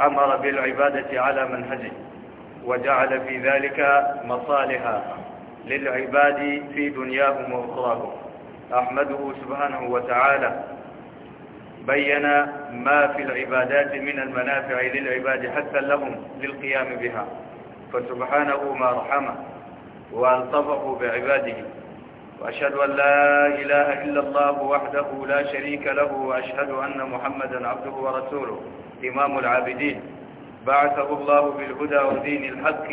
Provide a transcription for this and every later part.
أمر بالعبادة على منهجه وجعل في ذلك مصالح للعباد في دنياهم وأخراهم أحمده سبحانه وتعالى بين ما في العبادات من المنافع للعباد حتى لهم للقيام بها فسبحانه ما رحمه وألطفه بعباده وأشهد أن لا إله إلا الله وحده لا شريك له وأشهد أن محمدا عبده ورسوله إمام العابدين بعثه الله بالهدى ودين الحق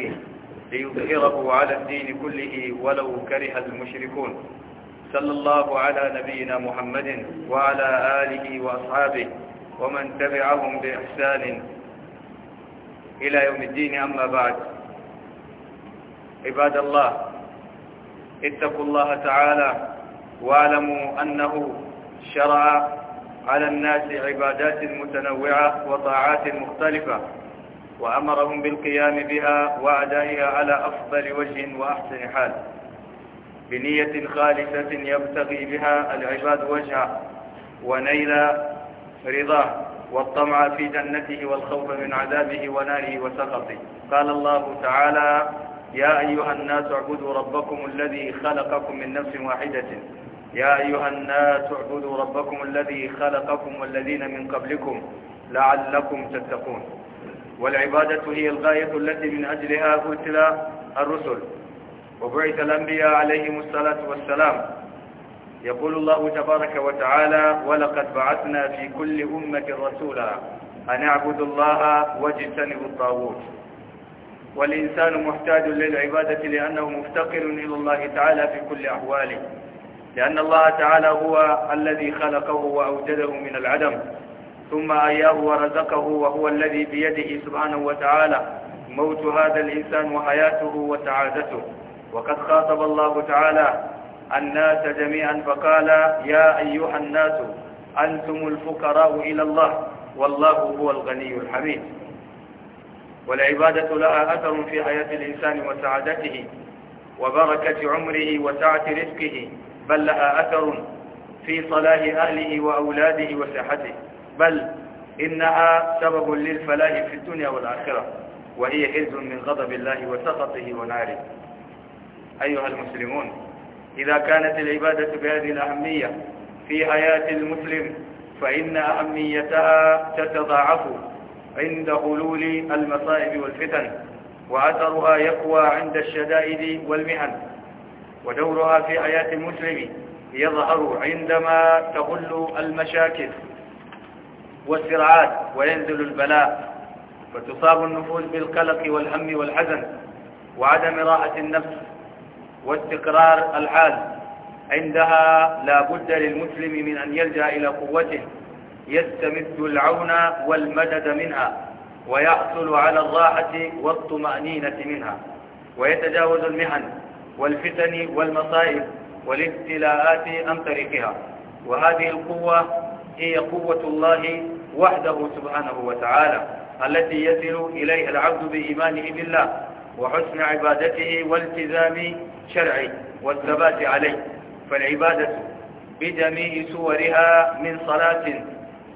ليظهره على الدين كله ولو كره المشركون صلى الله على نبينا محمد وعلى آله وأصحابه ومن تبعهم بإحسان إلى يوم الدين أما بعد عباد الله اتقوا الله تعالى واعلموا أنه شرع على الناس عبادات متنوعة وطاعات مختلفة وأمرهم بالقيام بها وأدائها على أفضل وجه وأحسن حال بنية خالصة يبتغي بها العباد وجهه ونيل رضاه والطمع في جنته والخوف من عذابه وناره وسخطه قال الله تعالى يا أيها الناس اعبدوا ربكم الذي خلقكم من نفس واحدة يا أيها الناس اعبدوا ربكم الذي خلقكم والذين من قبلكم لعلكم تتقون والعبادة هي الغاية التي من أجلها أتلى الرسل وبعث الأنبياء عليهم الصلاة والسلام يقول الله تبارك وتعالى ولقد بعثنا في كل أمة رسولا أن اعبدوا الله واجتنبوا الطاغوت والإنسان محتاج للعبادة لأنه مفتقر إلى الله تعالى في كل أحواله لأن الله تعالى هو الذي خلقه وأوجده من العدم ثم أياه ورزقه وهو الذي بيده سبحانه وتعالى موت هذا الإنسان وحياته وسعادته وقد خاطب الله تعالى الناس جميعا فقال يا أيها الناس أنتم الفقراء إلى الله والله هو الغني الحميد والعبادة لها أثر في حياة الإنسان وسعادته وبركة عمره وسعة رزقه بل لها أثر في صلاح أهله وأولاده وصحته بل إنها سبب للفلاح في الدنيا والآخرة وهي حز من غضب الله وسخطه وناره أيها المسلمون إذا كانت العبادة بهذه الأهمية في حياة المسلم فإن أهميتها تتضاعف عند غلول المصائب والفتن وأثرها يقوى عند الشدائد والمهن ودورها في حياة المسلم يظهر عندما تغل المشاكل والصراعات وينزل البلاء فتصاب النفوس بالقلق والهم والحزن وعدم راحة النفس واستقرار الحال عندها لا بد للمسلم من أن يلجأ إلى قوته يستمد العون والمدد منها ويحصل على الراحة والطمأنينة منها ويتجاوز المهن والفتن والمصائب والابتلاءات عن طريقها وهذه القوة هي قوة الله وحده سبحانه وتعالى التي يصل إليها العبد بإيمانه بالله وحسن عبادته والتزام شرعه والثبات عليه فالعبادة بجميع صورها من صلاة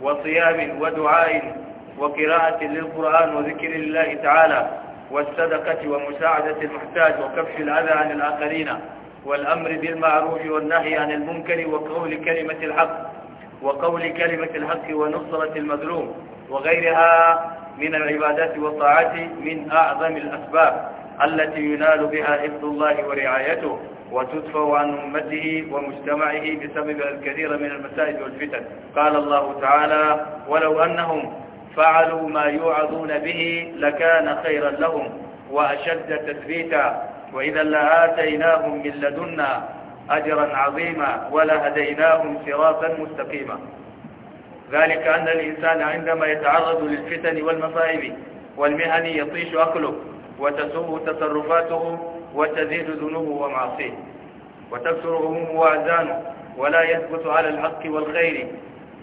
وصيام ودعاء وقراءة للقرآن وذكر الله تعالى والصدقة ومساعدة المحتاج وكف الأذى عن الآخرين والأمر بالمعروف والنهي عن المنكر وقول كلمة الحق وقول كلمة الحق ونصرة المظلوم وغيرها من العبادات والطاعات من أعظم الأسباب التي ينال بها حفظ الله ورعايته وتدفع عن أمته ومجتمعه بسبب الكثير من المسائل والفتن قال الله تعالى ولو أنهم فعلوا ما يوعظون به لكان خيرا لهم وأشد تثبيتا وإذا لآتيناهم من لدنا أجرا عظيما ولهديناهم صراطا مستقيما ذلك أن الإنسان عندما يتعرض للفتن والمصائب والمهن يطيش أكله وتسوء تصرفاته وتزيد ذنوبه ومعصيه وتكثر همومه وأحزانه ولا يثبت على الحق والخير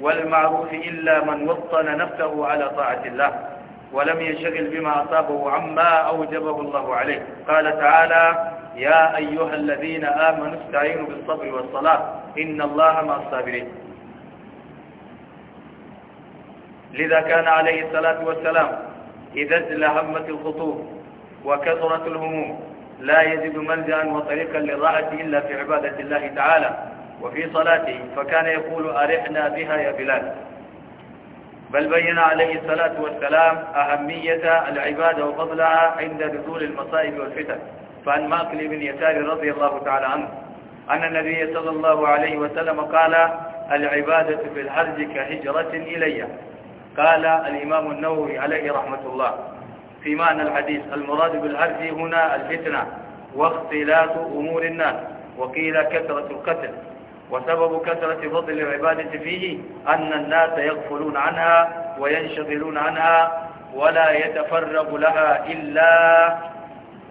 والمعروف إلا من وطن نفسه على طاعة الله ولم يشغل بما أصابه عما أوجبه الله عليه قال تعالى يا أيها الذين آمنوا استعينوا بالصبر والصلاة إن الله مع الصابرين لذا كان عليه الصلاة والسلام إذا همة الخطوب وكثرت الهموم لا يجد منزعا وطريقا للراحة إلا في عبادة الله تعالى وفي صلاته فكان يقول أرحنا بها يا بلال بل بين عليه الصلاة والسلام أهمية العبادة وفضلها عند نزول المصائب والفتن فعن ماقل بن يسار رضي الله تعالى عنه أن النبي صلى الله عليه وسلم قال العبادة في الحرج كهجرة إلي قال الإمام النووي عليه رحمة الله في معنى الحديث المراد بالحرج هنا الفتنة واختلاط أمور الناس وقيل كثرة القتل وسبب كثرة فضل العبادة فيه أن الناس يغفلون عنها وينشغلون عنها ولا يتفرغ لها إلا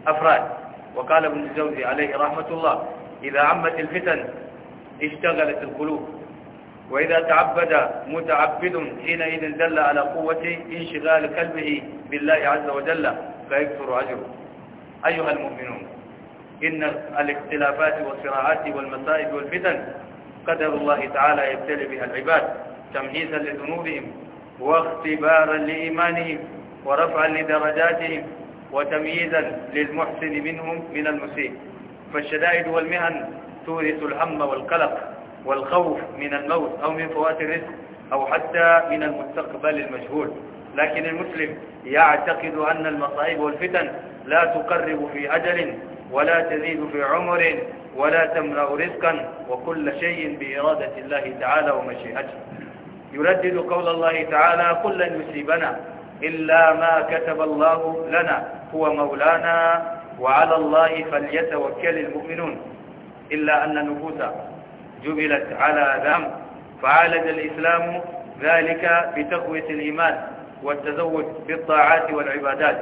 أفراد وقال ابن الجوزي عليه رحمة الله إذا عمت الفتن اشتغلت القلوب وإذا تعبد متعبد حينئذ دل على قوة انشغال قلبه بالله عز وجل فيكثر أجره أيها المؤمنون إن الاختلافات والصراعات والمصائب والفتن قدر الله تعالى يبتلي بها العباد تمهيزا لذنوبهم واختبارا لإيمانهم ورفعا لدرجاتهم وتمييزا للمحسن منهم من المسيء فالشدائد والمهن تورث الهم والقلق والخوف من الموت أو من فوات الرزق أو حتى من المستقبل المجهول لكن المسلم يعتقد أن المصائب والفتن لا تقرب في أجل ولا تزيد في عمر ولا تمنع رزقا وكل شيء بإرادة الله تعالى ومشيئته يردد قول الله تعالى قل لن يصيبنا إلا ما كتب الله لنا هو مولانا وعلى الله فليتوكل المؤمنون إلا أن النفوس جبلت على ذنب فعالج الإسلام ذلك بتقوية الإيمان والتزود بالطاعات والعبادات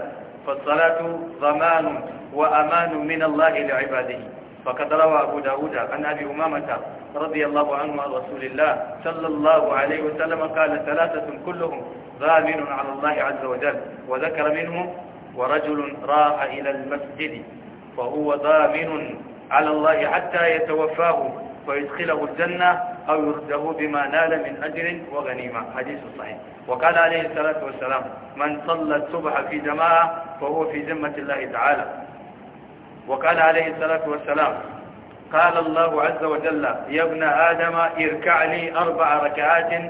فالصلاة ضمان وأمان من الله لعباده فقد روى أبو داود عن أبي أمامة رضي الله عنه عن رسول الله صلى الله عليه وسلم قال ثلاثة كلهم ضامن على الله عز وجل وذكر منهم ورجل راح إلى المسجد فهو ضامن على الله حتى يتوفاه فيدخله الجنة أو يخزه بما نال من أجر وغنيمة حديث صحيح وقال عليه الصلاة والسلام من صلى الصبح في جماعة فهو في ذمة الله تعالى وقال عليه الصلاة والسلام قال الله عز وجل يا ابن آدم اركع لي أربع ركعات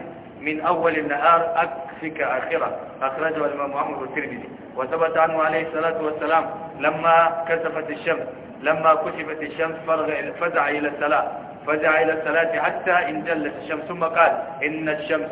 من أول النهار أكفك آخرة أخرجه الإمام أحمد والترمذي وثبت عنه عليه الصلاة والسلام لما كسفت الشمس لما كشفت الشمس فرغ فزع إلى الصلاة فدعا إلى الصلاة حتى إن جلت الشمس ثم قال إن الشمس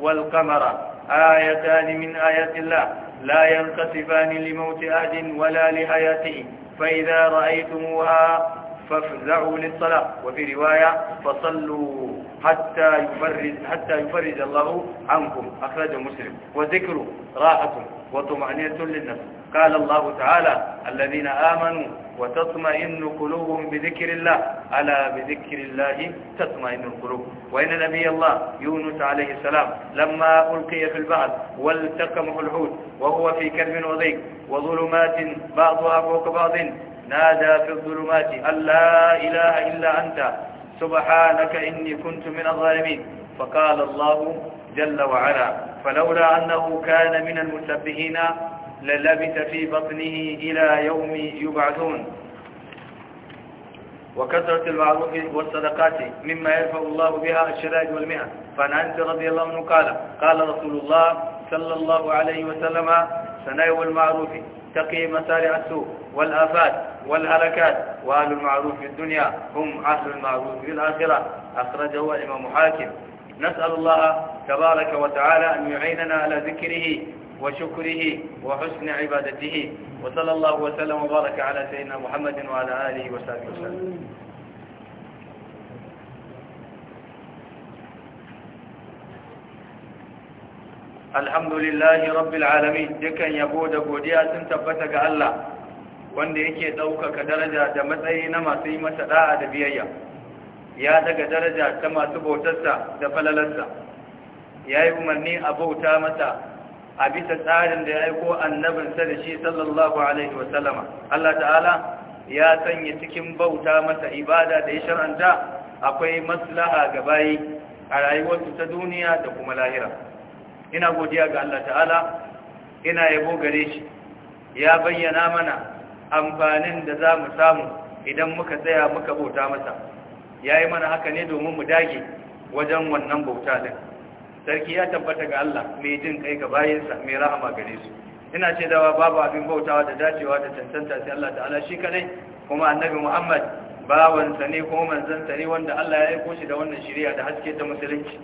والقمر آيتان من آيات الله لا ينقصفان لموت أحد ولا لحياته فإذا رأيتموها فافزعوا للصلاة وفي رواية فصلوا حتى يفرج, حتى يفرج الله عنكم أخرجه مسلم وذكر راحة وطمأنينة للنفس قال الله تعالى الذين آمنوا وتطمئن قلوبهم بذكر الله ألا بذكر الله تطمئن القلوب وإن نبي الله يونس عليه السلام لما ألقي في البعض والتقمه الحوت وهو في كرب وضيق وظلمات بعضها فوق بعض نادى في الظلمات أن لا إله إلا أنت سبحانك إني كنت من الظالمين فقال الله جل وعلا فلولا أنه كان من المسبحين للبث في بطنه إلى يوم يبعثون وكثرة المعروف والصدقات مما يرفع الله بها الشرائد والمئة فعن أنس رضي الله عنه قال قال رسول الله صلى الله عليه وسلم سناء المعروف تقي مسارع السوء والآفات والهلكات وأهل المعروف في الدنيا هم أهل المعروف في الآخرة أخرجه الإمام حاكم نسأل الله تبارك وتعالى أن يعيننا على ذكره وشكره وحسن عبادته وصلى الله وسلم وبارك على سيدنا محمد وعلى آله وصحبه وسلم الحمد لله رب العالمين dukan yabo da godiya sun tabbata ga Allah wanda yake ɗaukaka daraja da matsayi na masu yi masa da'a da biyayya ya daga daraja ta masu bautarsa da falalarsa ya yi umarni a bauta masa a bisa tsarin da ya aiko annabinsa da shi sallallahu alaihi wasallama Allah ta'ala ya sanya cikin bauta masa ibada da ya shar'anta akwai maslaha ga bayi a rayuwarsu ta duniya da kuma lahira ina godiya ga Allah ta'ala ina yabo gare shi ya bayyana mana amfanin da za mu samu idan muka tsaya muka bauta masa ya yi mana haka ne domin mu dage wajen wannan bauta din sarki ya tabbata ga Allah mai jin kai ga bayansa mai rahama gare su ina ce dawa babu abin bautawa da dacewa da cancanta sai Allah ta'ala shi kadai kuma annabi Muhammad bawansa ne ko manzansa ne wanda Allah ya aika shi da wannan shari'a da haske ta musulunci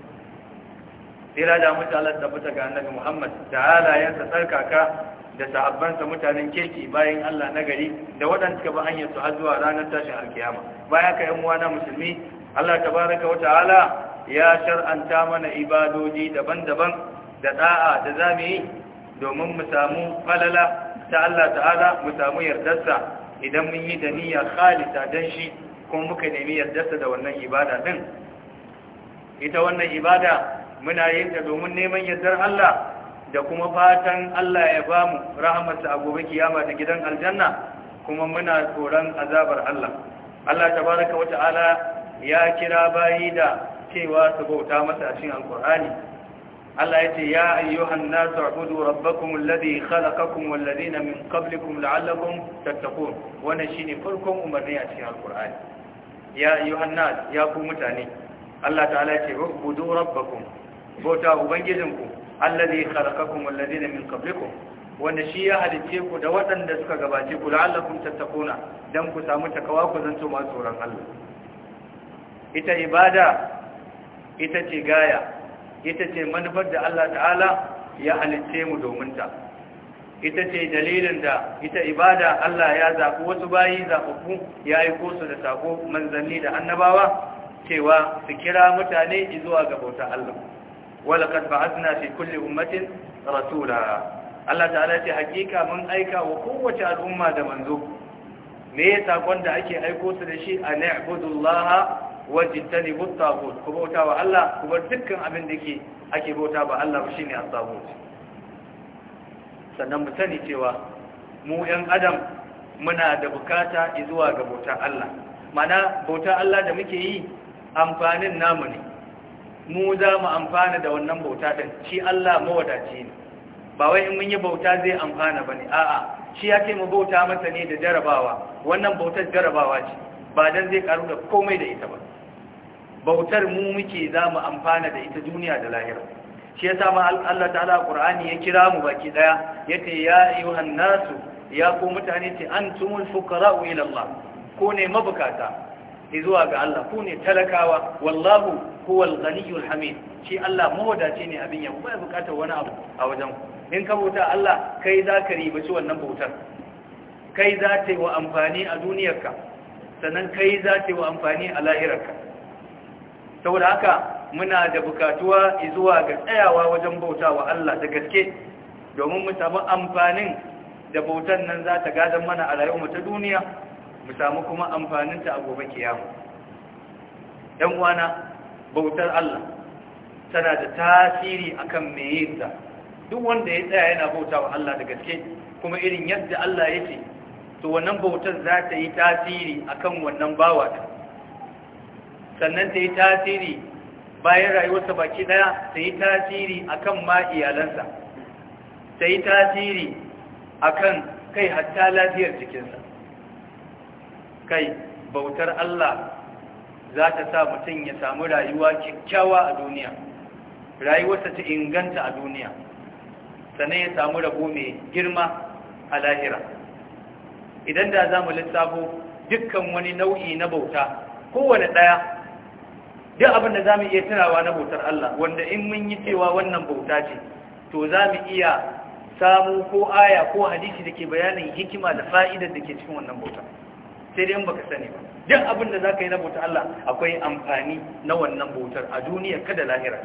tsira da mutu Allah tabbata ga annabi Muhammad da halayensa kaka da sa mutanen kirki bayan Allah na gari da waɗanda suka ba hanyar su har zuwa ranar tashin alkiyama baya ka yan uwa na musulmi Allah tabaraka wa ta'ala ya shar'anta mana ibadoji daban-daban da da'a da zamu yi domin mu samu falala ta Allah ta'ala mu samu yardarsa idan mun yi da niyya khalisa dan shi kuma muka nemi yardarsa da wannan ibada din ita wannan ibada muna yin ta domin neman yardar Allah da kuma fatan Allah ya bamu rahmatu a gobe kiyama da gidan aljanna kuma muna tsoron azabar Allah Allah tabaraka wa ta'ala ya kira bayi da cewa su bauta masa a cikin alkur'ani Allah ya ce ya ayyuhan nasu abudu rabbakum alladhi khalaqakum wal ladina min qablikum la'allakum tattaqun wannan shine farkon umarni a cikin alkur'ani ya ayyuhan ya ku mutane Allah ta'ala ya ce ubudu rabbakum bauta ubangijinku alladhi khalaqakum wal ladina min qablikum wanda shi ya halice ku da waɗanda suka gabace ku la'allakum tattaquna dan ku samu takawa ku zanto masu tsoron Allah ita ibada ita ce gaya ita ce manufar da Allah ta'ala ya halitce mu domin ta ita ce dalilin da ita ibada Allah ya zaɓi wasu bayi zaɓaɓɓu ya aiko su da sako manzanni da annabawa cewa su kira mutane zuwa ga bauta Allah wala kad fi kulle ummatin rasula Allah ta'ala ce hakika mun aika wa kowace al'umma da manzo me ya sakon da ake aiko su da shi a ya'budullaha wajin bauta buttagut ku bauta wa Allah ku bar dukkan abin da ke ake bauta ba Allah shi ne asagut sannan mu sani cewa mu ‘yan adam muna da bukata zuwa ga bauta Allah mana bauta Allah da muke yi amfanin namu ne mu za mu amfana da wannan bauta din shi Allah mawadaci ne ba wai in mun yi bauta zai amfana bane a'a shi yake mu bauta masa ne da jarabawa wannan bautar jarabawa ce ba dan zai karu da komai da ita ba bautar mu muke za mu amfana da ita duniya da lahira shi ya ma Allah ta'ala Ƙur'ani ya kira mu baki daya yace ya ayyuhan nasu ya ku mutane ce 'An fuqara'u ila Allah ku ne mabukata zuwa ga Allah ku ne talakawa wallahu huwal ghaniyyul hamid shi Allah mawadace ne abin yau ya bukatar wani abu a wajen in ka bauta Allah kai za ka ribaci wannan bautar kai za ta yi wa amfani a duniyarka sannan kai za ta yi wa amfani a lahirarka saboda haka muna da bukatuwa zuwa ga tsayawa wajen bautawa Allah da gaske domin mu samu amfanin da bautan nan za ta gadon mana a rayuwar ta duniya mu samu kuma amfanin ta a gobe kiyama dan uwana bautar Allah tana da tasiri akan yinta duk wanda ya tsaya yana bautawa Allah da gaske kuma irin yadda Allah yake to wannan bautar za ta yi tasiri akan wannan bawa sannan ta yi tasiri bayan rayuwarsa baki daya ta yi tasiri akan ma iyalansa ta yi tasiri akan kai hatta lafiyar jikinsa kai bautar Allah za ta sa mutum ya samu rayuwa kyakkyawa a duniya rayuwarsa ta inganta a duniya sannan ya samu rabo mai girma a lahira idan da za mu lissafo dukkan wani nau'i na bauta kowane ɗaya duk abin da zamu iya tunawa na bautar Allah wanda in mun yi cewa wannan bauta ce to zamu iya samu ko aya ko hadisi ke bayanin hikima da fa'idar ke cikin wannan bauta sai dai in baka sani ba duk abin da zaka yi na bautar Allah akwai amfani na wannan bautar a duniya kada lahira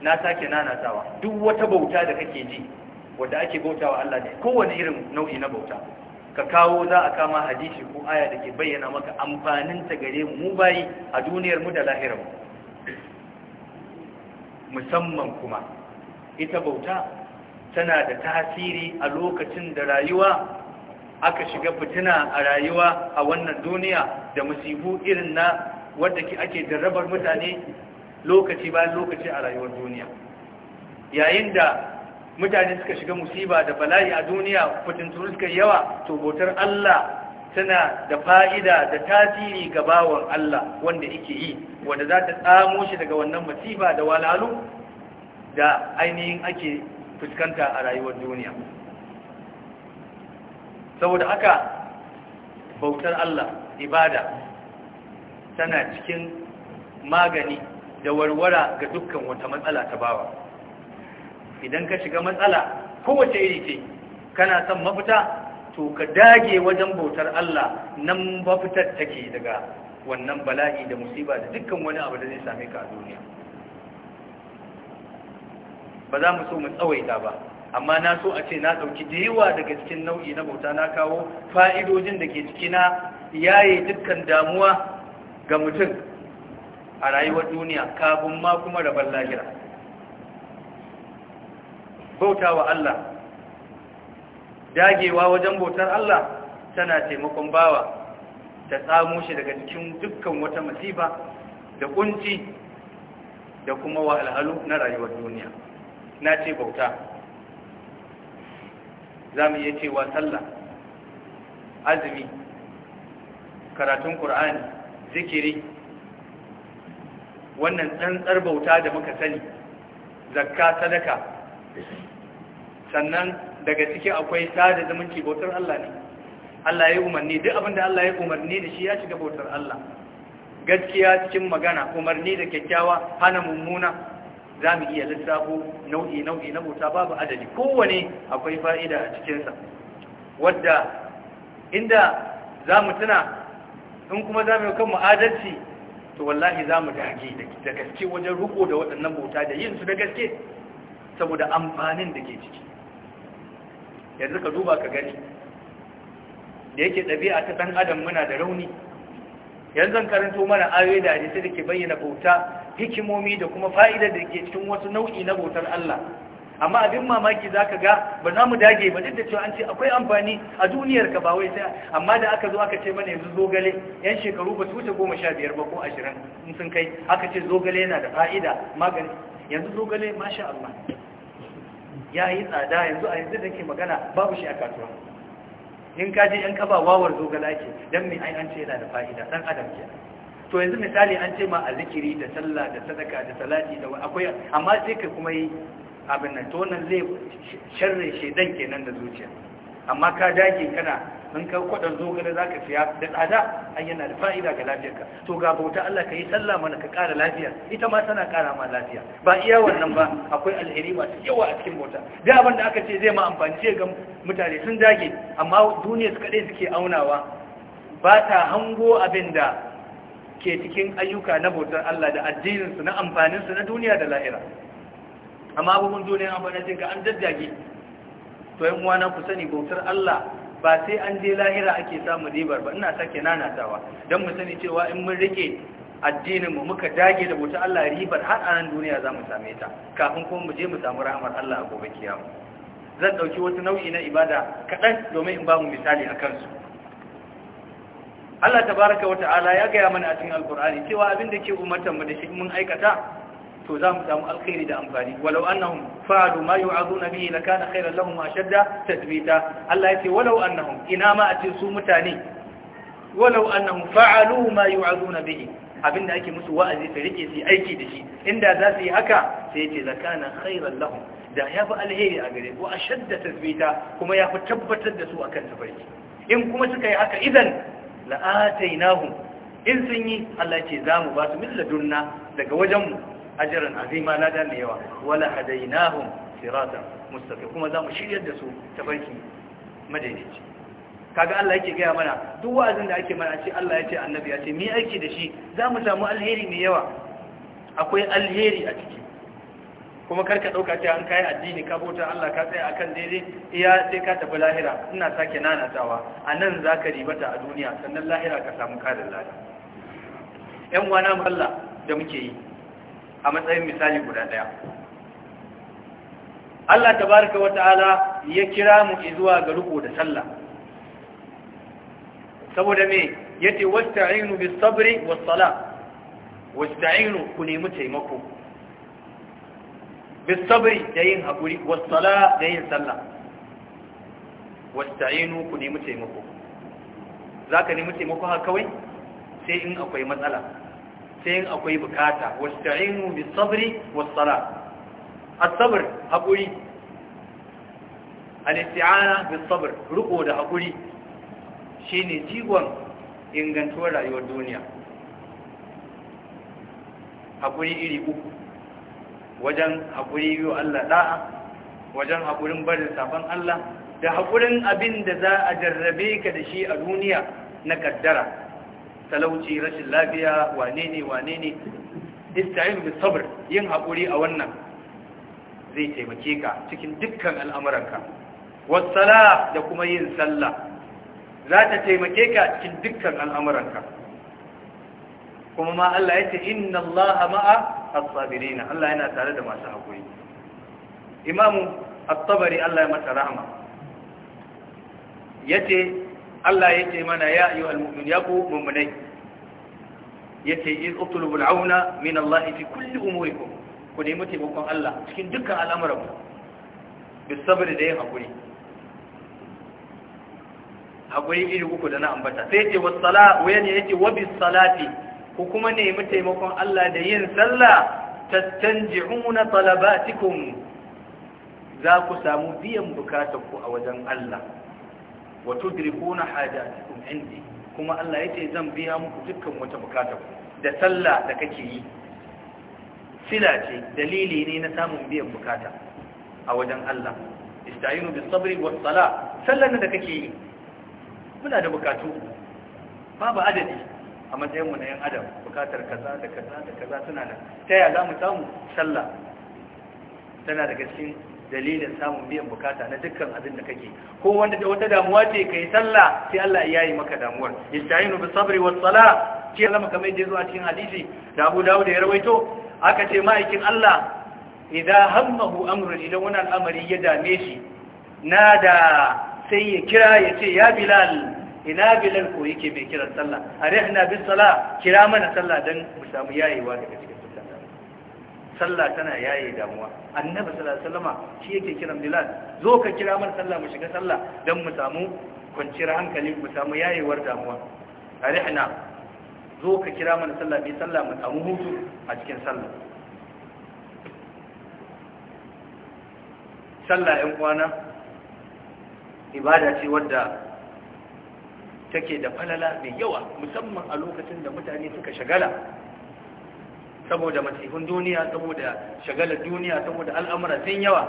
na sake nanatawa duk wata bauta da kake ji wanda ake bautawa Allah ne kowane irin nau'i na bauta ka kawo za a kama hadisi ko aya da ke bayyana maka amfanin ta gare mu bayi a duniyar mu da lahirar musamman kuma ita bauta tana da tasiri a lokacin da rayuwa aka shiga fitina a rayuwa a wannan duniya da musibu irin na wadda ake jarrabar mutane lokaci bayan lokaci a rayuwar duniya yayin da mutane suka shiga musiba da bala'i a duniya fitintunu suka yawa to bautar Allah tana da fa'ida da tasiri ga bawon Allah wanda yake yi wanda za ta tsamo shi daga wannan musiba da walalu da ainihin ake fuskanta a rayuwar duniya saboda haka bautar Allah ibada tana cikin magani da warwara ga dukkan wata matsala ta bawa idan ka shiga matsala kowace iri ce kana son mafita to ka dage wajen bautar Allah nan mafitar take daga wannan bala'i da musiba da dukkan wani abu da zai same ka a duniya ba za mu so mu tsawaita ba amma na so a ce na ɗauki da yawa daga cikin nau'i na bauta na kawo fa'idojin da ke ciki na yaye dukkan damuwa ga mutum a rayuwar duniya kafin ma kuma rabar lahira bauta wa Allah dagewa wajen bautar Allah tana taimakon bawa ta tsamo shi daga cikin dukkan wata masifa da kunci da kuma wahalhalu na rayuwar duniya na ce bauta za mu iya cewa sallah azumi karatun ƙur'ani zikiri wannan tsantsar bauta da muka sani zakka sadaka sannan daga ciki akwai sada zumunci bautar Allah ne Allah ya yi umarni duk abin da Allah ya umarni da shi ya shiga bautar Allah gaskiya cikin magana umarni da kyakkyawa hana mummuna za mu iya lissafo nau'i nau'i na bauta babu adadi kowane akwai fa'ida a cikinsa wadda inda za mu tuna in kuma za mu yi kanmu adalci to wallahi za mu dage da gaske wajen ruko da waɗannan bauta da yin su da gaske saboda amfanin da ke ciki yanzu ka duba ka gani da yake ɗabi'a ta ɗan adam muna da rauni yanzu karanto mana ayoyi da hadisi da ke bayyana bauta hikimomi da kuma fa'idar da ke cikin wasu nau'i na bautar Allah amma abin mamaki za ka ga ba za mu dage ba duk da cewa an ce akwai amfani a duniyar ka ba wai sai amma da aka zo aka ce mana yanzu zogale yan shekaru ba su wuce goma sha biyar ba ko ashirin in sun kai aka ce zogale yana da fa'ida magani yanzu zogale masha Allah ya yi tsada yanzu a yanzu da ke magana babu shi a kasuwa in ka je yan kaba wawar zogala ake don mai ai an ce yana da fa'ida dan adam ke to yanzu misali an ce ma a zikiri da sallah da sadaka da salati da akwai amma sai ka kuma yi abin nan to wannan zai sharre shedan kenan da zuciya amma ka dage kana in ka kwaɗon zogale za ka siya da tsada an yana da fa'ida ga lafiyarka to ga bauta Allah ka yi sallah mana ka ƙara lafiya ita ma tana ƙara ma lafiya ba iya wannan ba akwai alheri masu yawa a cikin bauta da abin da aka ce zai ma amfani sai ga mutane sun dage amma duniya su kaɗai suke aunawa ba ta hango abin da ke cikin ayyuka na bautar Allah da addininsu na amfaninsu na duniya da lahira amma abubuwan duniya amfanin ga an daddage to yan uwana ku sani bautar Allah ba sai an je lahira ake samu ribar ba ina sake nanatawa don mu sani cewa in mun rike addininmu muka dage da wuta Allah ribar har a nan duniya za mu same ta kafin kuma mu je mu samu rahmar Allah a gobe kiyama zan ɗauki wata nau'i na ibada kaɗan domin in ba mu misali a kansu Allah tabaraka wa ta'ala ya gaya mana a cikin alkur'ani cewa abin da ke umartan mu da shi mun aikata to za mu samu alkhairi da amfani walau annahum fa'alu ma yu'azuna bihi lakana khairan lahum wa ashadda tadbita Allah yace walau annahum ina ma a ce su mutane walau annahum fa'alu ma yu'azuna bihi abinda ake musu wa'azi su rike su aiki da shi inda za su yi haka sai yace lakana khairan lahum da ya fi alheri a gare wa ashadda tasbita kuma ya fi tabbatar da su akan tafarki in kuma suka yi haka idan la'atainahum in sun yi Allah ce za mu ba su min ladunna daga wajenmu ajran azima na mai yawa wala hadainahum siratan mustaqim kuma za mu shiryar da su ta barki madaidaici kaga Allah yake gaya mana duk wa'azin da ake mana ce Allah ya ce annabi ya ce mi aiki da shi za mu samu alheri mai yawa akwai alheri a ciki kuma karka dauka cewa an kai addini ka bauta Allah ka tsaya akan daidai iya sai ka tafi lahira ina sake nanatawa anan zaka ribata a duniya sannan lahira ka samu karin lada yan wana mu Allah da muke yi a matsayin misali guda ɗaya. Allah tabaraka wata'ala ya kira mu zuwa ga riko da sallah saboda me yace wasta'inu bis sabri was sala wasta'inu ku nemi taimako bis sabri da yin hakuri was sala da yin sallah wasta'inu ku nemi taimako zaka nemi taimako haka kawai sai in akwai matsala sai yin akwai bukata wasta'inu bi sabri was sala as-sabr hakuri al-isti'ana bi sabr ruko da hakuri shine jigon ingantuwar rayuwar duniya hakuri iri uku wajen hakuri biyu Allah da'a wajen hakurin barin safan Allah da hakurin abin da za a jarrabe ka da shi a duniya na kaddara talauci rashin lafiya wane ne wane ne ista'in bi yin haƙuri a wannan zai taimake ka cikin dukkan al'amuranka wasala da kuma yin sallah za ta taimake ka cikin dukkan al'amuranka kuma ma Allah ya ce inna Allah ma'a as-sabirina Allah yana tare da masu haƙuri imamu at-tabari Allah ya masa rahama yace Allah ya ce mana ya ayyuhal mu'min ya ku mu'minai yace iz utlubu al'auna min Allah fi kulli umurikum ku nemi taimakon Allah cikin dukkan al'amuranku bis sabri da yin hakuri hakuri iri uku da na ambata sai ce was sala wayan yace wa bis salati ku kuma nemi taimakon Allah da yin sallah tastanji'una talabatikum za ku samu biyan ku a wajen Allah wa tudrikuna hajatikum indi kuma Allah ya ce zan biya muku dukkan wata bukata da sallah da kake yi sila ce dalili ne na samun biyan bukata a wajen Allah ista'inu bis sabri was sala sallan da kake yi muna da bukatu babu adadi a matsayin mu na yan adam bukatar kaza da kaza da kaza suna da ta yaya zamu samu sallah tana daga cikin dalilin samun biyan bukata na dukkan abin da kake ko wanda da wata damuwa ce kai sallah sai Allah ya yi maka damuwar istainu bis sabri was sala ce zama kamar da zuwa cikin hadisi da Abu Dawud ya rawaito aka ce ma'aikin Allah idza hammahu amrun idan wani al'amari ya dame shi nada sai ya kira ya ce ya Bilal ina Bilal ko yake bai kira sallah arihna bis sala kira mana sallah dan mu samu yayewa daga cikin sallah tana yaye damuwa annabi sallallahu alaihi wasallama shi yake kiran bilal zo ka kira mana sallah mu shiga sallah dan mu samu kwanciyar hankali mu samu yayewar damuwa arihna zo ka kira mana sallah bi sallah mu samu hutu a cikin sallah sallah ɗan kwana ibada ce wadda take da falala mai yawa musamman a lokacin da mutane suka shagala saboda masifin duniya saboda shagalar duniya saboda al'amura sun yawa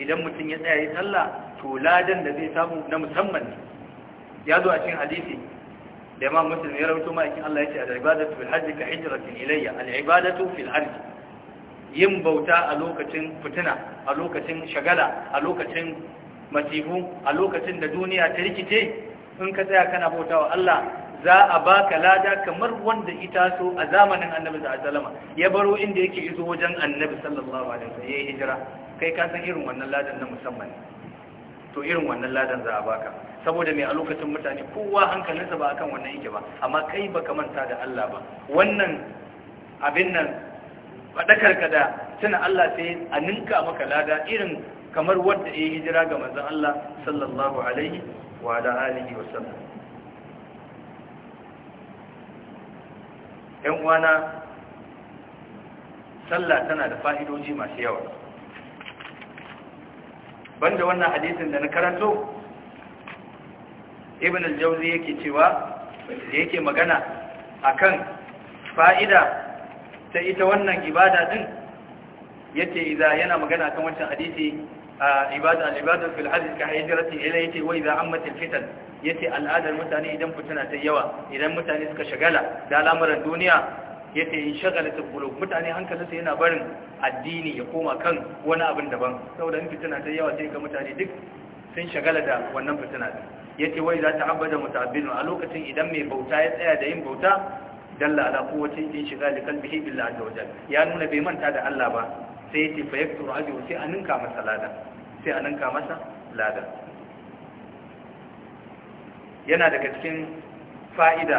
idan mutum ya tsaya yi sallah to ladan da zai samu na musamman ya zo a cikin hadisi da ma muslim ya rawaito ma'aikin Allah ya ce al-ibadatu fil hajji ka hijratin ilayya al-ibadatu fil hajji yin bauta a lokacin fitina a lokacin shagala a lokacin masifu a lokacin da duniya ta rikice in ka tsaya kana bautawa Allah za a baka lada kamar wanda ita so a zamanin annabi sallallahu alaihi ya baro inda yake izo wajen annabi sallallahu alaihi wasallam yi hijira kai ka san irin wannan ladan na musamman to irin wannan ladan za a baka saboda mai a lokacin mutane kowa hankalinsa ba akan wannan yake ba amma kai ba ka manta da Allah ba wannan abin nan fadakar ka da tuna Allah sai a ninka maka lada irin kamar wanda ya yi hijira ga manzon Allah sallallahu alaihi wa ala alihi wa sallam yan uwana sallah tana da fa'idoji masu yawa banda wannan hadisin da na karanto ibn al-jawzi yake cewa yake magana akan fa'ida ta ita wannan ibada din yace iza yana magana kan wancan hadisi a ibada al-ibadatu fil hadith ka hijrati ilayhi wa idza ammat fitan yace al'adar mutane idan fitina ta yawa idan mutane suka shagala da al'amuran duniya yace in shagala ta qulub mutane hankalinsa yana barin addini ya koma kan wani abin daban saboda in fitina ta yawa sai ga mutane duk sun shagala da wannan fitina din yace wai za ta abada muta'abbidun a lokacin idan mai bauta ya tsaya da yin bauta dalla ala quwwatin in shiga li qalbihi billahi azza wajal ya nuna bai manta da Allah ba sai yace fa yaktu ajru sai aninka masa lada sai aninka masa lada yana daga cikin fa'ida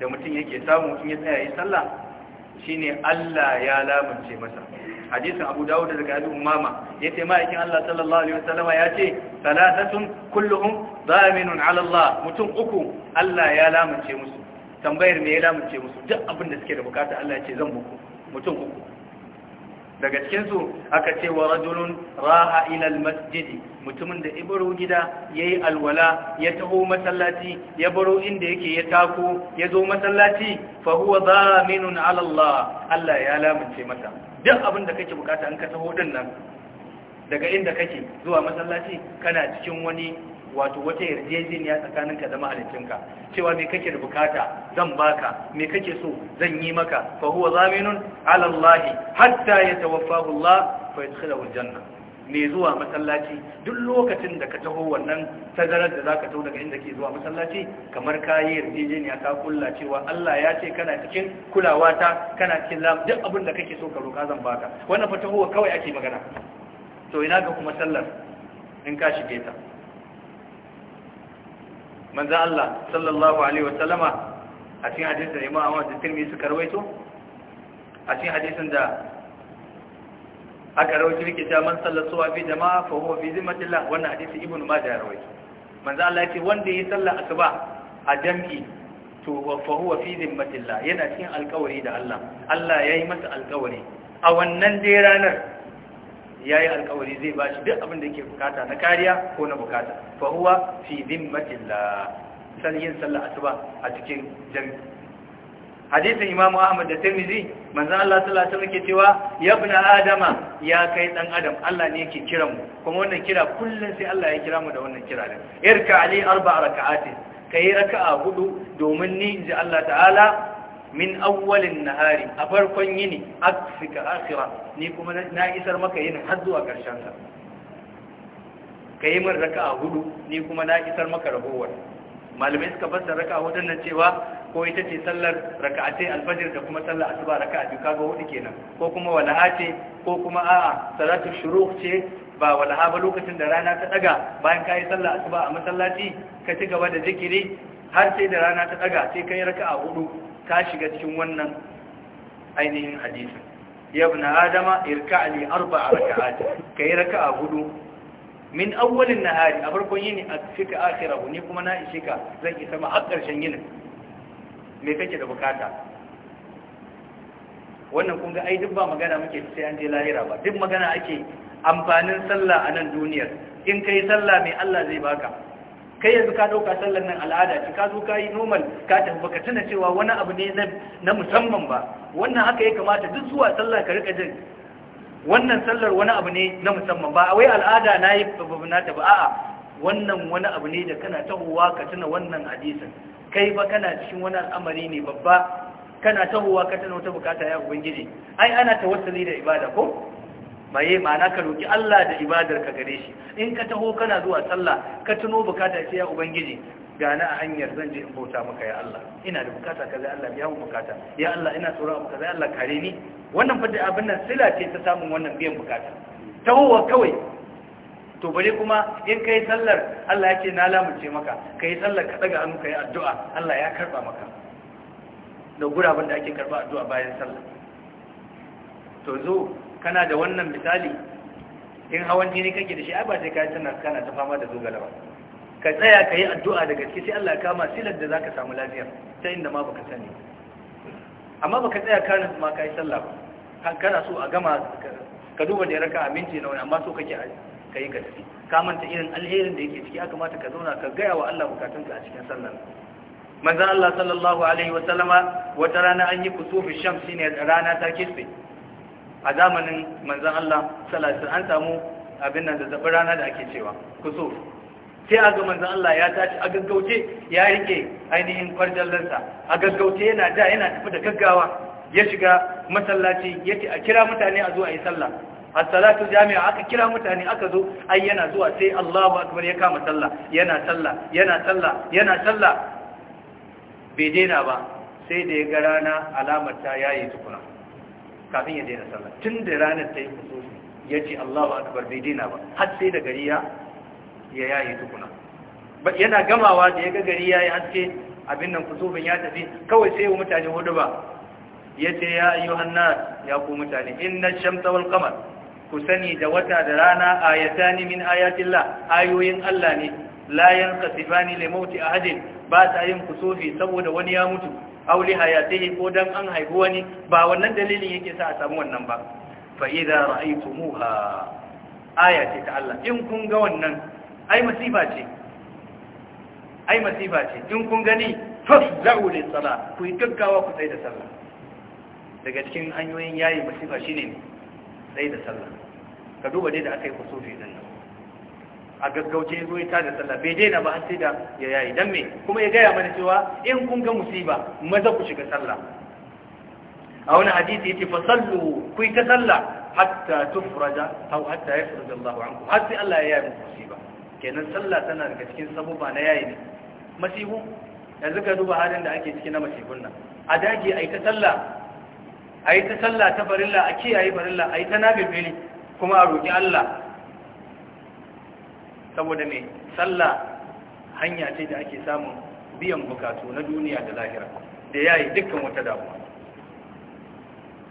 da mutum yake samu in ya tsaya yi sallah shine Allah ya lamunce masa hadisin Abu Dawud daga Abi Umama yace ma'aikin Allah sallallahu alaihi wasallama yace salatatun kulluhum daminun ala Allah mutum uku Allah ya lamunce musu tambayar me ya lamunce musu duk abin da suke da bukata Allah ya ce zan muku mutum uku daga cikinsu aka ce wa rajulun raha ilal masjidi mutumin da ibaro gida ya yi alwala ya taho masallaci ya baro inda yake ya tako ya zo masallaci fahuwa zaminun alallah Allah ya lamince mata duk abin da kake bukata in ka taho din nan daga inda kake zuwa masallaci kana cikin wani wato wata yarjejeniya tsakanin tsakaninka da mahaliccinka cewa me kake da bukata zan baka me kake so zan yi maka fa huwa zaminun ala Allah hatta yatawaffahu Allah fa yadkhilahu aljanna me zuwa masallaci duk lokacin da ka taho wannan tazarar da zaka taho daga inda ke zuwa masallaci kamar ka yi yarjejeniya ka kulla cewa Allah ya ce kana cikin kulawa ta kana cikin lam duk abin da kake so ka roka zan baka wannan fa taho kawai ake magana to ina ga kuma sallar in ka shige ta manzan Allah sallallahu alaihi wasallama a cikin hadisin da Imam Ahmad da Tirmidhi suka rawaito a cikin hadisin da aka rawaito yake cewa man sallatu fi jama'a fa huwa fi wannan hadisi Ibn Majah ya rawaito manzan Allah yake wanda ya yi sallar asuba a jam'i to fa huwa fi zimmatillah yana cikin alƙawari da Allah Allah ya yi masa alƙawari a wannan dai ranar ya yi alkawari zai ba shi duk abin da yake bukata na kariya ko na bukata fa huwa fi zimmatillah san yin sallah asuba a cikin jami hadisin imam ahmad da tirmizi manzon Allah sallallahu alaihi wasallam ke cewa ya ibn adama ya kai dan adam Allah ne yake kiran mu kuma wannan kira kullun sai Allah ya kira mu da wannan kira din irka ali arba'a raka'atin kai raka'a hudu domin ni inji Allah ta'ala min awwalin nahari a farkon yini aksika akhira ni kuma na isar maka yin har zuwa karshen sa kai min raka'a hudu ni kuma na isar maka ragowar malamai suka raka raka'a hudun nan cewa ko ita ce sallar raka'atai alfajir da kuma sallar asuba raka'a duka kaga hudu kenan ko kuma walaha ce ko kuma a'a salatu shuruq ce ba walaha ba lokacin da rana ta daga bayan kai sallar asuba a masallaci ka ci gaba da zikiri har sai da rana ta daga sai kai raka'a hudu Ta shiga cikin wannan ainihin hadisin ya na adama irka li ka yi raka raka'a hudu min awwalin hari a farkon yini a cika akira. Wani kuma na ishe ka zan isa ma a ƙarshen yinin me kake da bukata wannan kun ai duk ba magana muke sai an je lahira ba duk magana ake amfanin sallah a nan duniyar in kai sallah mai Allah zai baka kai yanzu ka ɗauka sallar nan al'ada ce ka zo ka yi normal ka tafi baka tuna cewa wani abu ne na musamman ba wannan haka ya kamata duk zuwa sallah ka rika jin wannan sallar wani abu ne na musamman ba wai al'ada na yi na ta ba a'a wannan wani abu ne da kana tahowa ka tuna wannan hadisin kai ba kana cikin wani al'amari ne babba kana tahowa ka tuna wata bukata ya ubangiji ai ana tawassuli da ibada ko maye na ka roki Allah da ibadar ka gare shi in ka taho kana zuwa sallah ka tuno bukata ce ya ubangiji gani a hanyar zan je in bauta maka ya Allah ina da bukata kaza Allah biya mu bukata ya Allah ina tsoro abu kaza Allah kare ni wannan fa abin nan sila ce ta samun wannan biyan bukata wa kawai to bare kuma in kai sallar Allah yake na lamunce maka kai sallar ka daga hannu kai addu'a Allah ya karba maka da guraben da ake karba addu'a bayan sallar to zo kana da wannan misali in hawan jini kake da shi ai ba sai ka tana kana ta fama da zogala ba ka tsaya ka yi addu'a da gaske sai Allah ya kama silar da zaka samu lafiya ta inda ma baka sani amma baka tsaya kana ma kai sallah ba kan kana so a gama ka duba da raka aminci na wani amma so kake ka yi ka tafi ka manta irin alherin da yake ciki aka mata ka zauna ka gaya wa Allah bukatunka a cikin sallah manzon Allah sallallahu alaihi wa sallama wata rana an yi kusufi shams shine rana ta kisbe a zamanin manzan Allah sallallahu an samu abin nan da zaɓi rana da ake cewa kuso sai a ga manzan Allah ya tashi a gaggauce ya rike ainihin kwarjallarsa. a gaggauce yana da yana tafi da gaggawa ya shiga masallaci ce a kira mutane a zo a yi sallah as-salatu jami'a aka kira mutane aka zo ai yana zuwa sai Allahu akbar ya kama sallah yana sallah yana sallah yana sallah bai daina ba sai da ya ga rana alamar ta yayi tukuna kafin ya daina sallah tun da ranar ta yi kusurci ya ce Allahu akbar bai daina ba har sai da gari ya yayi tukuna yana gamawa da ya ga gari ya yi haske abin nan kusurfin ya tafi kawai sai wa mutane hudu ba ya ce ya yi hanna ya ku mutane inna shamsa kamar kamar ku sani da wata da rana ayatani min ayatillah ayoyin Allah ne layan kasifani lemoti a ahadin ba ta yin kusufi saboda wani ya mutu auli hayatihi ko dan an haihu wani ba wannan dalilin yake sa a samu wannan ba fa idza ra'aytumuha aya ce ta Allah in kun ga wannan ai masifa ce ai masifa ce in kun gani fasda'u lis sala ku yi gaggawa ku tsaya da sallah daga cikin hanyoyin yayi masifa shine ne tsaya da sallah ka duba dai da aka yi kusufi din nan a gaggauce zo ya da sallah bai daina ba har sai da ya yayi dan me kuma ya gaya mana cewa in kun ga musiba maza ku shiga sallah a wani hadisi yace fa sallu ku yi ta sallah hatta tufraja aw hatta yafraja Allahu ankum har sai Allah ya yayi musiba kenan sallah tana daga cikin sabuba na yayi ne masihu yanzu ka duba halin da ake ciki na masifun nan a dage ai ta sallah ai ta sallah ta farilla a kiyaye farilla yi ta nabi kuma a roƙi Allah saboda mai sallah hanya ce da ake samun biyan bukatu na duniya da lahira da ya yi dukkan wata damuwa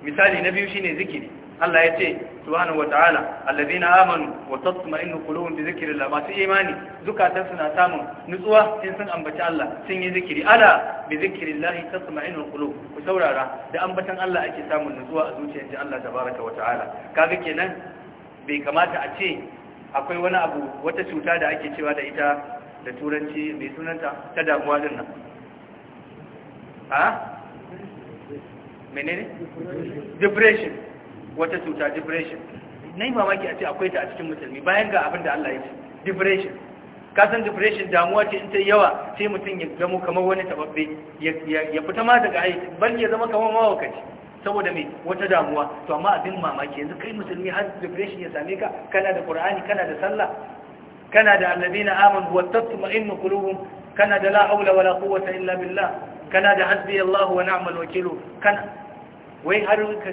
misali na biyu shine zikiri Allah ya ce subhanahu wata'ala na amanu wa tatma'innu da zikiri la, masu imani zukatan suna samun nutsuwa in sun ambaci Allah sun yi zikiri ala bi tattuma inu kulo, ku saurara da ambatan Allah ake samun nutsuwa a zuciyar ji Allah tabaraka wata'ala kaga kenan bai kamata a ce akwai wani abu wata cuta da ake cewa da ita da turanci mai sunanta ta damuwa din nan a menene depression wata cuta depression na yi mamaki a ce akwai ta a cikin musulmi bayan ga abin da Allah ya ce depression kasan depression damuwa ce in ta yawa sai mutum ya zama kamar wani tababbe ya fita ma daga aiki bal ya zama kamar mawakaci saboda mai wata damuwa to amma abin mamaki yanzu kai musulmi har depression ya same ka kana da qur'ani kana da sallah kana da alladina amanu wa tatma'innu qulubuhum kana da la haula wala quwwata illa billah kana da hasbi Allah wa ni'mal wakil kana wai har ka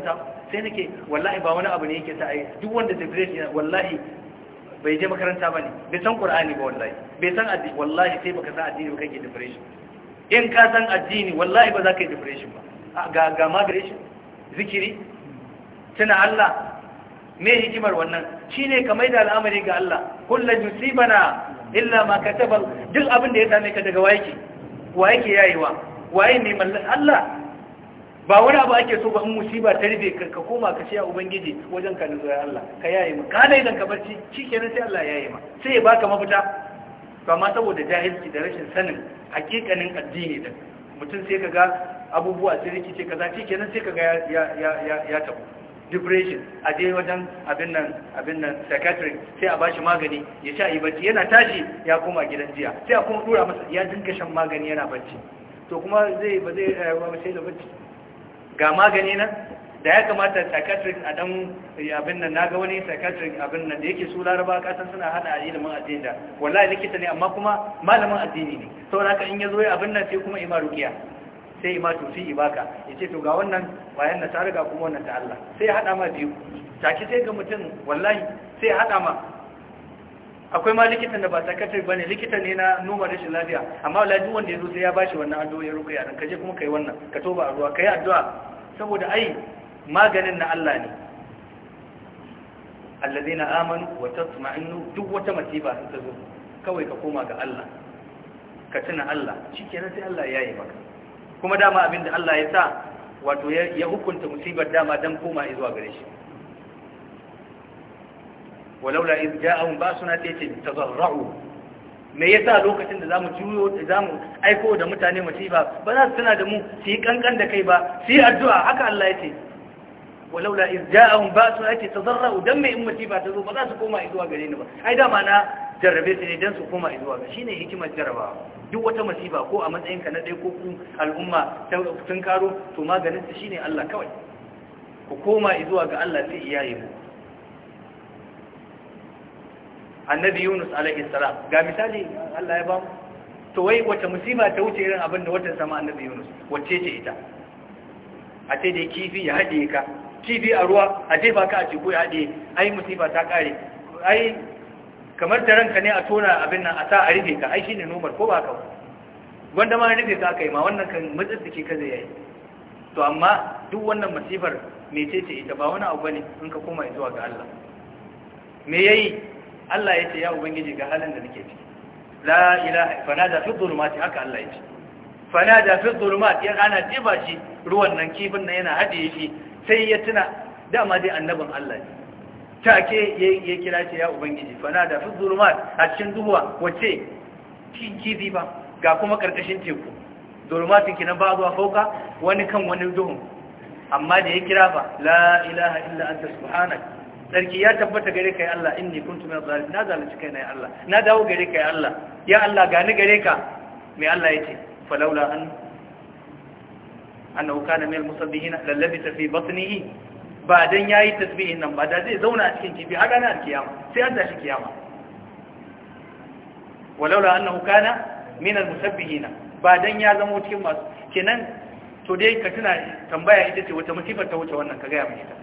sai nake wallahi ba wani abu ne yake sa ai duk wanda depression wallahi bai je makaranta ba ne bai san ƙur'ani ba wallahi bai san addini wallahi sai baka san addini ba kake depression in ka san addini wallahi ba za ka yi depression ba ga ga ma zikiri tuna Allah me hikimar wannan Shi ne ka maida al'amari ga Allah kullu yusibana illa ma kataba duk abin da ya same ka daga waye ke waye ke wa waye mai mallan Allah ba wani abu ake so ba in musiba ta rufe ka koma ka ce ya ubangiji wajen ka nazo Allah ka yayi ma kana idan ka barci kenan sai Allah ya yi ma sai ya baka mafita ba ma saboda jahilci da rashin sanin hakikanin addini da mutum sai ka ga. abubuwa sai rikice kaza kenan sai kaga ya ya ya ya tabu depression a je wajen abin nan abin nan psychiatric sai a bashi magani ya sha yi bacci yana tashi ya koma gidan jiya sai a kuma dora masa ya dinka shan magani yana bacci to kuma zai ba zai rayuwa eh, ba sai da bacci ga magani nan da ya kamata psychiatric a dan eh, abin nan naga wani psychiatric abin nan da yake su laraba kasan suna hada ilimin addini da wallahi likita ne amma kuma malamin addini ne saboda haka in yazo ya abin nan sai kuma imaru kiya sai ma to fi ibaka yace to ga wannan bayan na ta riga kuma wannan ta Allah sai ya hada ma biyu taki sai ga mutum wallahi sai ya hada ma akwai ma likitan da ba sakatare bane likita ne na noma rashin lafiya amma wallahi duk wanda yazo sai ya bashi wannan addu'a ya rubuya dan kaje kuma kai wannan ka toba a ruwa kai addu'a saboda ai maganin na Allah ne alladheena amanu wa tatma'innu duk wata masiba ta zo kawai ka koma ga Allah ka tuna Allah shikenan sai Allah ya yi maka kuma dama abin da Allah ya sa wato ya hukunta musibar dama dan koma zuwa gare shi walaula iz ja'ahum basuna tace tazarra'u me yasa lokacin da zamu juyo da zamu aiko da mutane musiba ba za su tana da mu su yi kankan da kai ba su yi addu'a haka Allah ya ce walaula iz ja'ahum ba'sun ake tadarra'u dan mai ummati ba ta zo za su koma zuwa gare ni ba ai dama na jarrabe su ne dan su koma zuwa ga shine hikimar jarrabawa duk wata masifa ko a matsayin ka na dai ko ku al'umma tun karo to maganin ta shine Allah kawai ku koma zuwa ga Allah sai iyaye mu annabi Yunus alaihi ga misali Allah ya ba mu to wai wace musiba ta wuce irin abinda wata watan sama annabi Yunus wacce ce ita a ce da kifi ya haɗe ka kibi a ruwa a jefa ka a teku ya haɗe ai musifa ta ƙare ai kamar da ranka ne a tona abin nan a sa a rufe ka ai shine nomar ko ba ka wanda ma rufe ka kai yi ma wannan kan mutsitsike ka zai yayi to amma duk wannan masifar mecece ita ba wani abu ne in ka koma zuwa ga Allah me yayi Allah ya ce ya ubangiji ga halin da nake ciki la ilaha fanada fi dhulumati haka Allah ya ce fanada fi dhulumati yana jiba shi ruwan nan kifin nan yana hade shi sai ya tuna dama dai annabin Allah ne take ya kira ce ya ubangiji fana da fi zulumat a cikin duhuwa wace kifi ba ga kuma karkashin teku zulumatin kinan ba zuwa fauka wani kan wani duhun amma da ya kira ba la ilaha illa anta subhanak sarki ya tabbata gare ka Allah inni kuntu min zalim na zalunci kai na ya Allah na dawo gare ka Allah ya Allah gani gare ka mai Allah yace falaula an annahu kana min al-musabbihin lallabita fi batnihi ba dan yayi tasbihin nan ba da zai zauna a cikin kifi har ranar kiyama sai an tashi kiyama walaula annahu kana min al-musabbihin ba dan ya zama cikin masu kenan to dai ka tuna tambaya ita ce wata musibar ta wuce wannan ka ga ya mu ita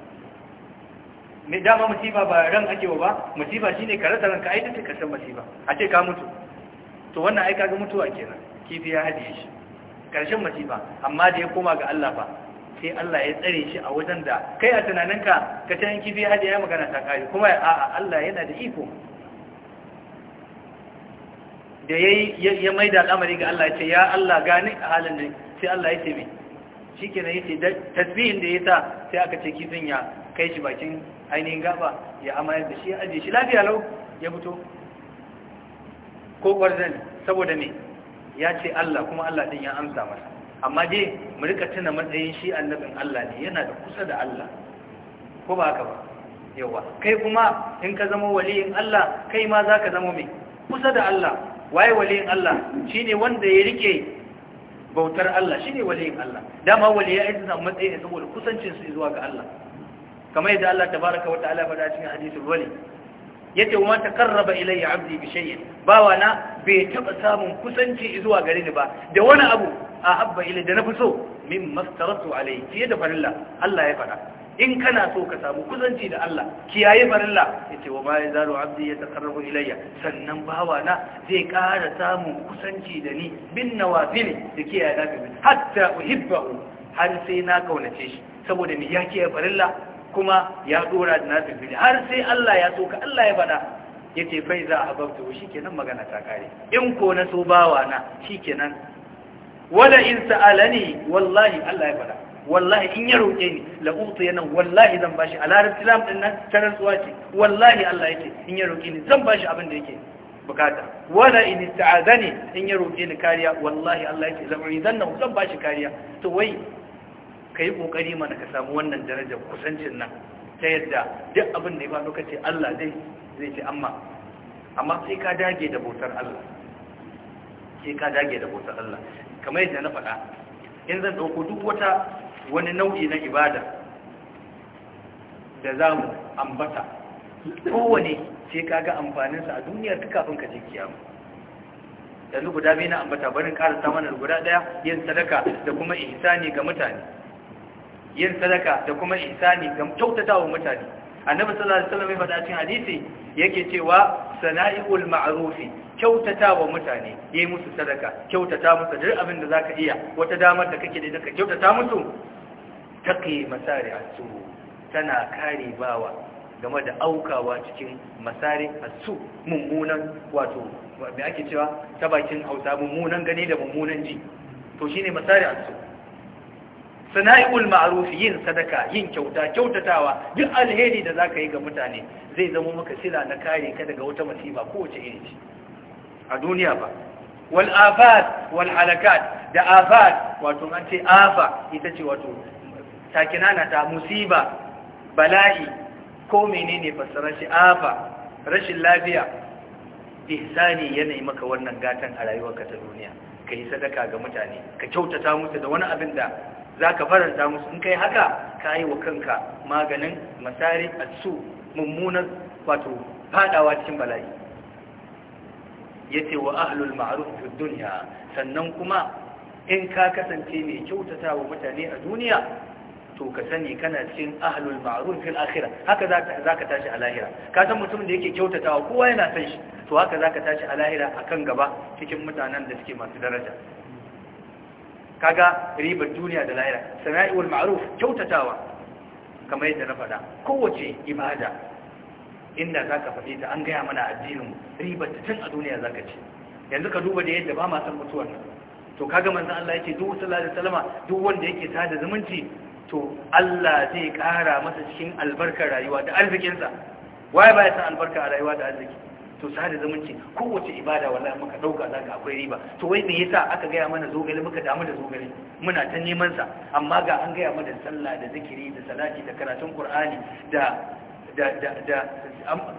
me dama musiba ba ran ake wa ba musiba shine ka rasa ranka ai ita ce karshen musiba a ce ka mutu to wannan ai kaga mutuwa kenan kifi ya hadiye shi ƙarshen masifa amma da ya koma ga Allah ba, sai Allah ya tsare shi a wajen da kai a tunaninka ka ta yanki biya hajji ya magana ta ƙari, kuma a'a Allah yana da iko da ya ya mai da al'amari ga Allah ya ce ya Allah gani a halin da sai Allah ya ce mai shi ke nan yake tasbihin da ya sa sai aka ce kifin ya kai shi bakin ainihin gaba ya amayar da shi ya ajiye shi lafiya lau ya fito ko ƙwarzan saboda me ya ce Allah kuma Allah din ya amsa masa amma dai mu rika tuna matsayin shi annabin Allah ne yana da kusa da Allah ko ba haka ba yawa kai kuma in ka zama waliyin Allah kai ma za ka zama mai kusa da Allah waye waliyin Allah shine wanda ya rike bautar Allah shine waliyin Allah dama waliya ai suna matsayi saboda kusancin su zuwa ga Allah kamar yadda Allah tabaraka wa ta'ala faɗa cikin hadisin wali yace kuma ta karraba ilayya abdi bi shay'in bawa na bai taba samun kusanci zuwa gare ni ba da wani abu a habba ilayya da nafi so min mastaratu alayhi fiye da farilla Allah ya faɗa in kana so ka samu kusanci da Allah kiyaye farilla yace wa ma zaru abdi ya takarrabu ilayya sannan bawa na zai kara samun kusanci da ni bin nawafil da kiyaye da hatta uhibbu har sai na kaunace shi saboda me ya kiyaye farilla kuma ya dora da nafi fili har sai Allah ya so Allah ya faɗa ya ce fai za a babta shi kenan magana ta kare in ko na so bawa na shi kenan wala in sa'alani wallahi Allah ya faɗa wallahi in ya roƙe ni la utu yana wallahi zan bashi a larar islam din nan tarar suwa ce wallahi Allah ya ce in ya roƙe ni zan bashi abin da yake bukata wala in ista'azani in ya roƙe ni kariya wallahi Allah ya yake zan zanna zan bashi kariya to wai ka yi ƙoƙari mana ka samu wannan darajar kusancin nan ta yadda duk abin da ya faɗo ka ce Allah zai zai ce amma amma sai ka dage da bautar Allah sai ka dage da bautar Allah kamar yadda na faɗa in zan ɗauko duk wata wani nau'i na ibada da za mu ambata kowane sai ka ga amfaninsa a duniyar duk kafin ka je kiyama yanzu guda biyu na ambata barin karanta mana guda daya yin sadaka da kuma ihsani ga mutane yin sadaka da kuma ihsani ga kyautatawa mutane annabi sallallahu alaihi wasallam ya faɗa cikin hadisi yake cewa sana'iul ma'rufi kyautatawa mutane yayi musu sadaka kyautata musu duk abin da zaka iya wata damar da kake da ka kyautata musu taqi masari asu tana kare bawa game da aukawa cikin masari asu mummunan wato me ake cewa ta bakin Hausa mummunan gani da mummunan ji to shine masari asu Sinai'ul ma'ruf yin sadaka yin kyauta kyautatawa duk alheri da zaka yi ga mutane zai zama maka sila na kare ka daga wata masiba kowace iri ce a duniya ba wal afat wal halakat da afat wato an ce afa ita ce wato takinana ta musiba bala'i ko menene fassarar shi afa rashin lafiya ihsani yanayi maka wannan gatan a rayuwarka ta duniya ka yi sadaka ga mutane ka kyautata musu da wani abin da za ka faranta musu in kai haka ka yi wa kanka maganin masari a su mummunan wato fadawa cikin bala'i ya ce wa ahlul ma'aruf fi duniya sannan kuma in ka kasance mai kyautata wa mutane a duniya to ka sani kana cikin ahlul ma'aruf fil akhira? haka za ka tashi a lahira ka san mutum da yake kyautatawa kowa yana san shi to haka za ka tashi a lahira kan gaba cikin mutanen da suke masu daraja kaga ribar duniya da lahira sana'iul ma'ruf kyautatawa kamar yadda na faɗa kowace ibada inda zaka faɗi ta an gaya mana addinin ribar ta tun a duniya zaka ci yanzu ka duba da yadda ba ma san mutuwar to kaga manzon Allah yake duk sallallahu alaihi wasallama duk wanda yake sada zumunci to Allah zai ƙara masa cikin albarkar rayuwa da arzikinsa waye ya san albarka a rayuwa da arziki to sada zumunci kowace ibada wallahi muka dauka zaka akwai riba to wai me yasa aka gaya mana zogale muka damu da zogale muna ta neman sa amma ga an gaya mana sallah da zikiri da salati da karatun qur'ani da da da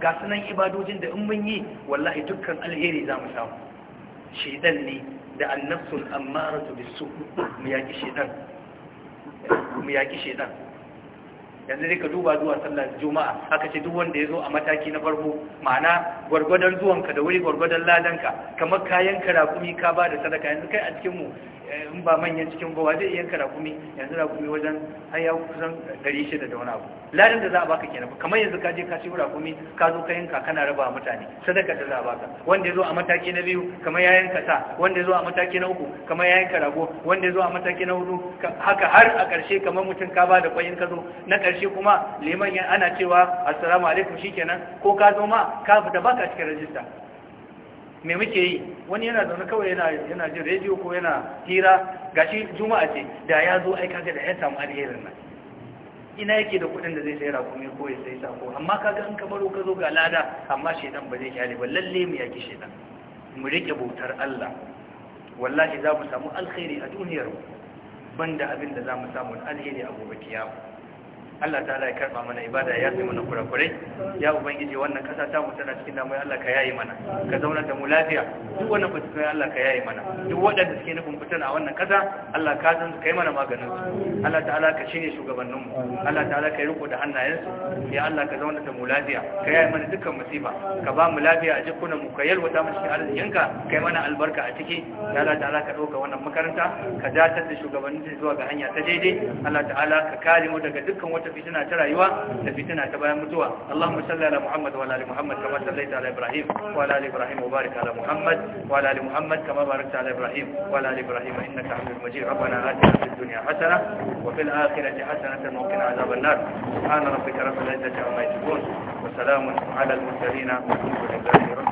ga sunan ibadojin da in mun yi wallahi dukkan alheri za mu samu shedan ne da annafsul ammaratu bisu mu yaki shedan mu yaki shedan yanzu dai ka duba zuwa sallar juma'a Haka ce duk wanda ya zo a mataki na farko ma'ana gwargwadon zuwanka da wuri gwargwadon ladanka kamar kayan karakumi ka ba da sadaka yanzu kai a cikinmu Eh, in ba manyan cikin ba zai yanka rakumi yanzu rakumi wajen har ya kusan 600 da wani abu da za a baka kenan kamar yanzu ka je ka ci rakumi ka zo ka yanka kana raba mutane sadaka da za a baka wanda ya zo a mataki na biyu kamar ya yanka sa wanda ya zo a mataki na uku kamar ya yanka rago wanda ya zo a mataki na hudu haka har a ƙarshe kamar mutum ka ba da kwayin ka zo na ƙarshe kuma liman ana cewa assalamu alaikum shikenan ko ka zo ma ka fita baka cikin rajista me muke yi wani yana zaune kawai yana yana jin rediyo ko yana hira gashi juma'a ce da ya zo ai kaga da ya samu alherin nan ina yake da kuɗin da zai sai rakumi ko ya sai sako amma kaga in kamaro ka zo ga lada amma shedan ba zai kyale ba lalle mu yaki shedan mu rike bautar Allah wallahi za mu samu alkhairi a duniyar banda abin da za mu samu alheri a gobe kiyama Allah ta'ala ya karɓa mana ibada ya sai mana kurakurai ya ubangiji wannan kasa ta mu tana cikin damuwa Allah ka yayi mana ka zauna ta mu lafiya duk wannan fitina Allah ka yayi mana duk waɗanda suke nufin fitina a wannan kasa Allah ka san kai mana maganin su Allah ta ka shi ne shugabanninmu. Allah ta ta'ala ka riko da hannayensu. ya Allah ka zauna ta mu lafiya ka yayi mana dukkan musiba ka ba mu lafiya a jikunan mu ka yalwata mu cikin arzikinka kai mana albarka a ciki ya Allah ta'ala ka ɗauka wannan makaranta ka datar da shugabannin zuwa ga hanya ta daidai Allah ta'ala ka kare mu daga dukkan wata wata fitina ta rayuwa da fitina ta bayan mutuwa Allahumma salli ala Muhammad wa ala Muhammad kama sallaita ala Ibrahim wa ala Ibrahim wa ala Muhammad wa ala Muhammad kama barakta ala Ibrahim wa ala Ibrahim innaka Hamidul Majid ربنا آتنا في الدنيا حسنة وفي الآخرة حسنة وقنا عذاب النار سبحان ربك رب العزة عما يصفون وسلام على المرسلين والحمد لله رب